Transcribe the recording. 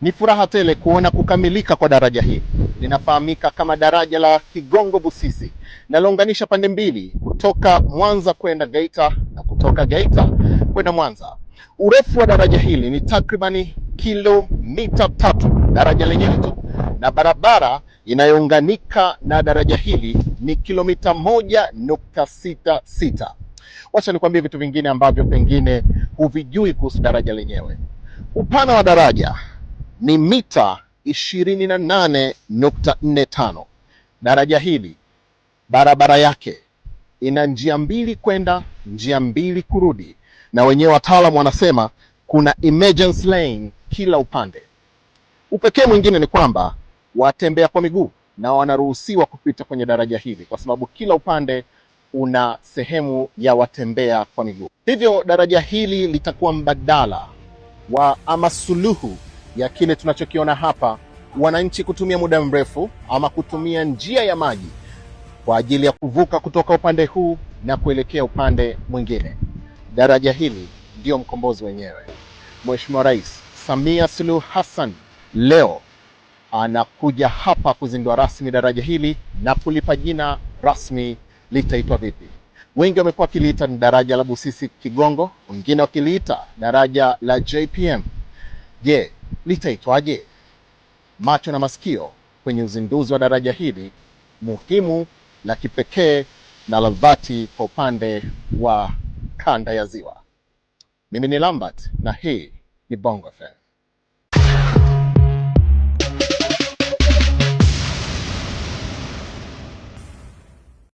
Ni furaha tele kuona kukamilika kwa daraja hili. Linafahamika kama daraja la Kigongo Busisi, nalounganisha pande mbili kutoka Mwanza kwenda Geita na kutoka Geita kwenda Mwanza. Urefu wa daraja hili ni takribani kilomita tatu, daraja lenyewe tu, na barabara inayounganika na daraja hili ni kilomita moja nukta sita sita. Wacha nikwambie vitu vingine ambavyo pengine huvijui kuhusu daraja lenyewe. Upana wa daraja ni mita 28.45. Daraja hili barabara yake ina njia mbili kwenda, njia mbili kurudi, na wenyewe wataalam wanasema kuna emergency lane kila upande. Upekee mwingine ni kwamba watembea kwa miguu na wanaruhusiwa kupita kwenye daraja hili kwa sababu kila upande una sehemu ya watembea kwa miguu. Hivyo daraja hili litakuwa mbadala wa ama suluhu ya kile tunachokiona hapa, wananchi kutumia muda mrefu ama kutumia njia ya maji kwa ajili ya kuvuka kutoka upande huu na kuelekea upande mwingine. Daraja hili ndio mkombozi wenyewe. Mheshimiwa Rais Samia Suluhu Hassan leo anakuja hapa kuzindua rasmi daraja hili na kulipa jina rasmi. Litaitwa vipi? Wengi wamekuwa wakiliita ni daraja la Busisi Kigongo, wengine wakiliita daraja la JPM. Je, litaitwaje? Macho na masikio kwenye uzinduzi wa daraja hili muhimu la kipekee na la dhati kwa upande wa kanda ya Ziwa. Mimi ni Lambert na hii ni Bongo FM.